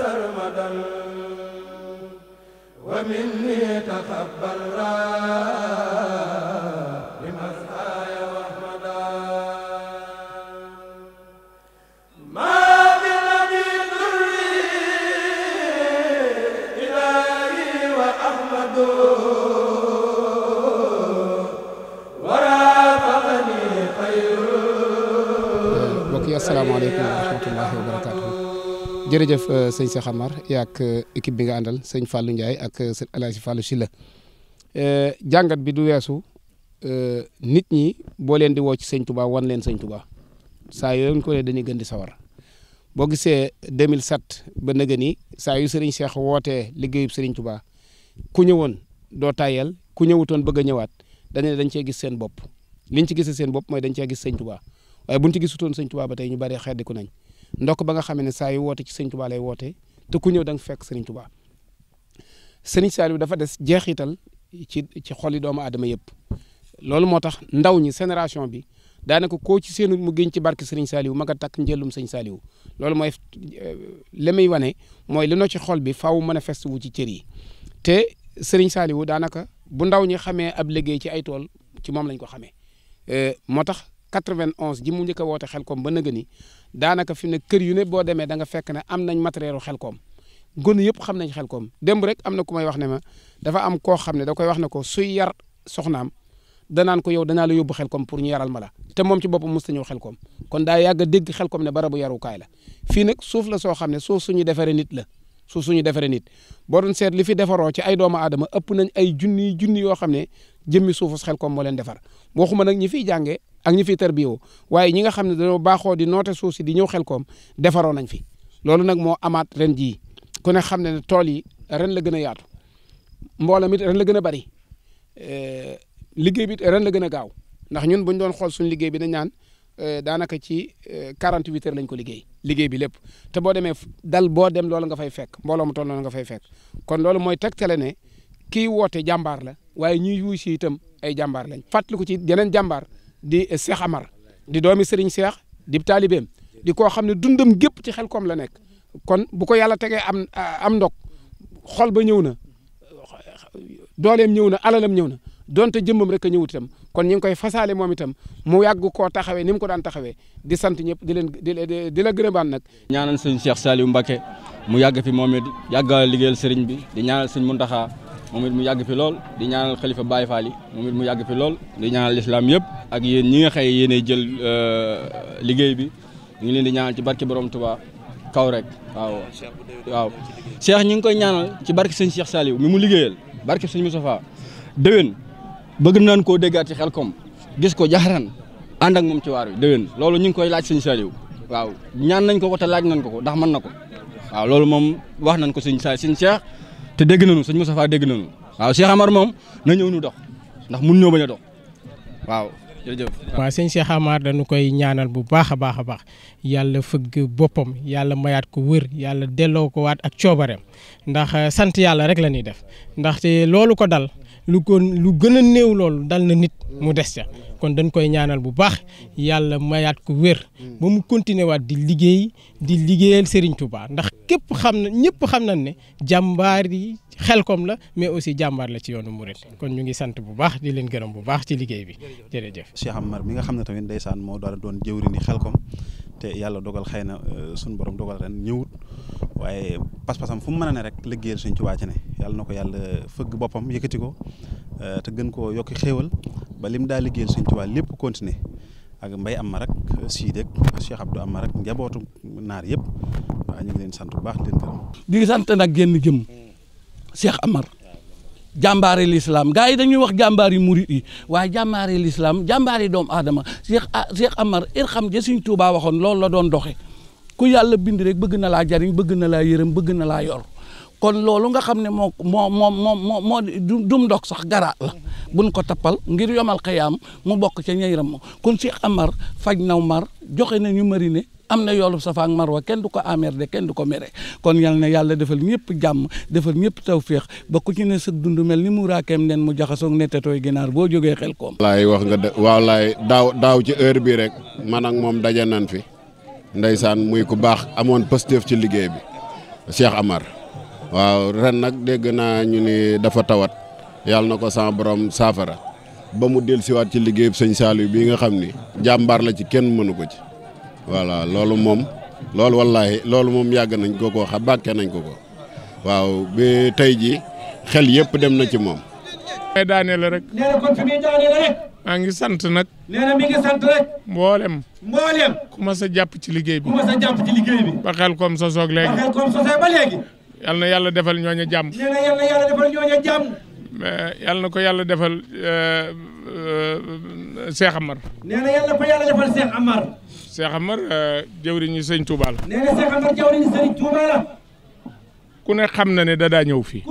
سرمدا ومني تقبل jërëjëf euh, sëñ Cheikh Amar yaak euh, équipe bi nga àndal sëñ Fallou Ndiaye ak euh, sëñ El si la Sylla jàngat bi du weesu nit ñi boo leen di woo ci sëñ Touba wan leen sëñ Touba saa yooyu ko ne dañuy gën di sawar boo gisee 2007 ba nëgë ni saa yu Serigne Cheikh wootee liggéeyub Serigne tubaa ku ñëwoon doo tayal ku ñëwutoon bëgg a ñëwaat dañu dañ cee gis seen bopp liñ ci gisee seen bopp mooy dañ cee gis sëñ Touba waaye buñ ci gisutoon sëñ Touba ba tey ñu bari xeddiku nañ ndokk ba nga xamee ne saa yi woote ci sëñ Tuubaa lay woote te ku ñëw danga fekk sëriñ Tuubaa sëriñ Saliou dafa des jeexital ci ci xoli doomu adama yëpp loolu moo tax ndaw ñi génération bi daanaka koo ci seenu mu gën ci barke sëriñ Saliou ma nga takk njëllum sëñ saaliwu loolu mooy euh, li muy wane mooy li ci xol bi faaw manifeste wu ci cër yi te sëriñ Saliou daanaka bu ndaw ñi xamee ab liggéey ci ay tool ci moom lañ ko xamee euh, moo tax 91 ji mu njëkk a woote xelkom ba nëgë ni daanaka fi mu ne kër yu ne boo demee da nga fekk ne am nañ matériel xelkom gone yëpp xam nañ koom démb rek am na ku may wax ne ma dafa am koo xam ne da koy wax ne ko suy yar soxnaam danaan ko yow danaa la yóbbu xelkom pour ñu yaral ma la te moom ci boppam mosut a ñëw xelkom kon daa yàgg a dégg koom ne barabu yarukaay la fii nag suuf la soo xam ne suuf suñu defaree nit la suuf suñu defaree nit boo doon seet li fi defaroo ci ay doomu aadama ëpp nañ ay junni junni yoo xam ne jëmmi suufu xelkom moo leen defar waxuma nag ñi fiy jàngee ak ñi fi tarbiyoo waaye ñi nga xam ne dañoo baaxoo di noote suuf si di ñëw xel koom defaroo nañ fi loolu nag moo amaat ren jii ku ne xam ne ne tool yi ren la gën a yaatu mboolem it ren la gën a bari eh, liggéey bi ren la gën a gaaw ndax ñun bu doon xool suñu liggéey bi dañ naan eh, daanaka ci 48 eh, heures lañ ko liggéey liggéey bi lépp te boo demee dal boo dem loolu nga fay fekk mbooloo mu noonu nga fay fekk kon loolu mooy tegtale ne kii woote jàmbaar la waaye ñuy wuy si itam ay jàmbaar lañ fàttali ko ci yeneen jàmbaar di Cheikh Amar di doomi Serigne Cheikh di taalibeem di koo xam ne dundam gépp ci xel koom la nekk kon bu ko yàlla tegee am am ndog xol ba ñëw na dooleem ñëw na alalam ñëw na donte jëmmam rek a ñëwut itam kon ñu ngi koy fasaale moom itam mu yàgg koo taxawee ni mu ko daan taxawee di sant ñëpp di leen di di la gërëmaan nag. ñaanal sëñ Cheikh Saliou mbake mu yàgg fi moom it yàgg liggéeyal sëriñ bi di ñaanal sëñ Mountakha. moom it mu yàgg fi lool di ñaanal xalifa Baye Fall yi moom it mu yàgg fi lool di ñaanal lislaam yëpp ak yéen ñi nga xëy yéenay jël euh, liggéey bi ñu ngi leen di ñaanal ci barke borom Touba kaw rek waaw waaw Cheikh ñu ngi koy ñaanal ci barke sëñ Cheikh Saliou mu mu liggéeyal barke sëñ Moustapha déwén bëgg nañ koo déggaat ci xel kom gis ko jaxaran ànd ak moom ci waar wi déwén loolu ñu ngi koy laaj sëñ Saliou waaw ñaan nañ ko ko te laaj nañ ko ko ndax man na ko waaw loolu moom wax nañ ko sëñ sa sëñ Cheikh te dégg nañu sëñ Moustapha dégg nañu waaw Cheikh Amar moom na ñëw nu dox ndax mun ñoo bañ a dox waaw jërëjëf. waaw sëñ koy ñaanal bu baax a baax a baax yàlla fëgg boppam yàlla mayaat ko wér yàlla delloo ko waat ak coobareem ndax eh, sant yàlla rek la ñuy def ndaxte loolu ko dal. lu ko lu gën a néew loolu dal na nit mu des ca kon dañ koy ñaanal bu baax yàlla mayaat ko wér ba mu continuer waat di liggéey di liggéeyal Serigne Touba ndax képp xam na ñëpp xam nañ ne jàmbaar yi koom la mais aussi jàmbaar la ci yoonu Mouride kon ñu ngi sant bu baax di leen gërëm bu baax ci liggéey bi jërëjëf. Cheikh Amar mi nga xam ne tamit ndeysaan moo doon jëwri ni Xelkom te yàlla dogal xëy na euh, sunu borom dogal ren ñëwut waaye pas-pasam fu mu mën a ne rek liggéeyal Sëñ Tuubaa ci ne yàlla na ko yàlla fëgg boppam yëkkati ko euh, te gën koo yokki xéewal ba lim daa liggéeyal Sëñ Tuubaa lépp continuer ak mbay am ma rek Siidek Cheikh Abdou am ma rek njabootu naar yëpp ñu ngi leen sant bu baax di leen gërëm. di ngi sant nag génn jëm Cheikh Amar. jàmbaari lislaam gars yi dañuy wax jàmbaari murit yi waaye jàmbaari lislaam jàmbaari doomu aadama Cheikh ah, Cheikh Amar irxam ja Sëñ Tuubaa waxoon loolu la doon doxe ku yàlla bind rek bëgg na laa jariñ bëgg na laa yërëm bëgg na laa yor kon loolu nga xam ne moo moo moo moo moo dum ndox sax gara la buñ ko tappal ngir yomal xayaam mu bokk ca ñay ram kon si Amar faj naw mar joxe na ñu marine am na yoolu safa ak wa kenn du ko amer de kenn du ko mere kon yal na yàlla defal ñëpp jàmm defal ñëpp tawféex ba ku ci ne sa dund mel ni mu raakeem nen mu jaxasoog nettatooy ginaar boo jogee xel koom. wallaay wax nga de wallaay daaw daaw ci heure bi rek man moom daje nan fi ndeysaan muy ku baax amoon pësteef ci liggéey bi Cheikh Amar waaw ren nag dégg naa ñu ni dafa tawat yàlla na ko sama borom saafara ba mu siwaat ci liggéey bi sëñ Saliou bii nga xam ni jàmbaar la ci kenn mënu ko ci voilà loolu moom loolu wallaahi loolu moom yàgg nañ ko ko xam bàkke nañ ko ko waaw bi tey ji xel yëpp dem na ci moom. daaneel daaneel rek. maa ngi sant nag. nee na sant rek. mboolem. mboolem. ku sa jàpp ci liggéey bi. ku sa jàpp ba xel kom sosoog léegi. ba xel kom sosee ba yal na yàlla defal ñooñu jàmm. nee yal na yàlla na ko yàlla defal euh, euh, Cheikh Amar. nee na yal na ko yàlla euh, ku ne xam na ne da daa ñëw fii.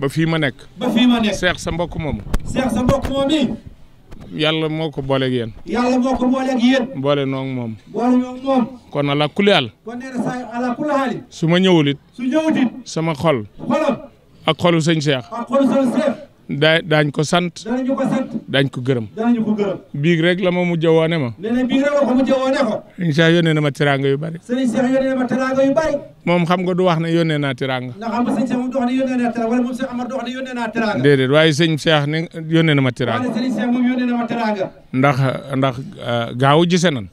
ba fii ma nekk. ba seex sa mbokk moomu. seex moo ko boole noo moom. boole noo moom. kon ala kulli haal. su ma ñëwul su ñëwul it. sama xol. xolam. ak xolu sëñ seex. seex. daa daañ ko sant. daañu ko sant. daañ ko gërëm. biig rek la ma mujj a ma. nee na biig rek ko mujj a ko. sëriñ Cheikh yónnee ma teraanga yu bari. moom xam nga du wax ne yónnee naa teraanga. ndax xam nga waaye sëriñ Cheikh ne yónnee na ma teraanga. ndax ndax ah, gaaw gaaw gise nan.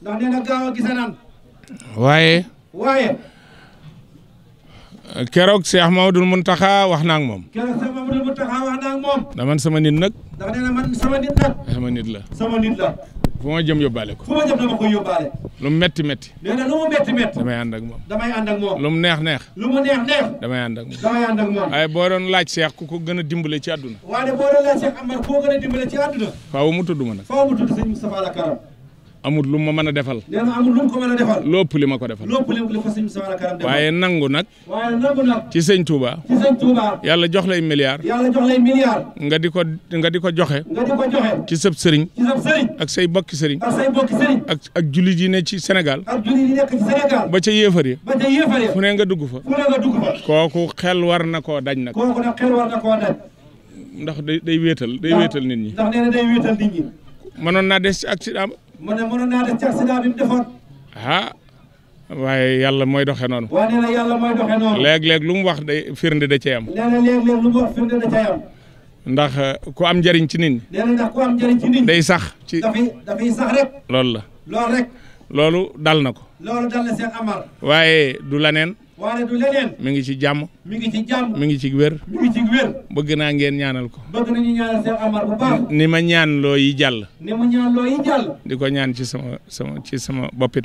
waaye. waaye. keroog Cheikh Mamadou Mountakha wax naa ak moom. wax naa moom. ndax man sama nit nag. ndax nee sama nit nag. la. sama fu ma jëm yóbbaale ko. fu ma jëm dama koy yóbbaale. lu metti métti métti. damay ànd moom. damay neex neex. lu damay ànd moom. damay ànd moom. waaye boo doon laaj seex ku ko gën a dimbale ci àdduna. waaye boo mu tudd ma nag. amul lu ma mën a defal. nee a defal. lépp li ma ko defal. lépp li li waaye nangu nag. ci sëñ Touba. ci yàlla jox lay milliard. nga di ko di ko joxe. ci sëb sëriñ. ak say bokki sëriñ. ak say ne ci senegal ak jullit ci Sénégal. ba ca yéefar ya. fu ne nga dugg fa. fu kooku xel war na koo daj nag. na koo daj. ndax day day day wéetal nit ñi. ndax nee na day wéetal nit ñi. mu ne mënoon naa def ci accident defoon. ah waaye yàlla mooy doxee noonu. waaw nee na lu mu wax day firnde da cee eh, ndax ku am njariñ ci nit ñi. day sax ci dafay sax rek. loolu la loolu rek. loolu dal na ko. loolu dal na seen amar. waaye du la neen waaye mi ngi ci jàmm. mi ngi ci jàmm. mi ngi ci wér. mi ngi naa ngeen ñaanal ko. bëgg nañu ñaanal Cheikh Amar bu baax. ni ma ñaan loo yi jàll. ni ma ñaan loo yi jàll. di ko ñaan ci sama sama ci sama bopp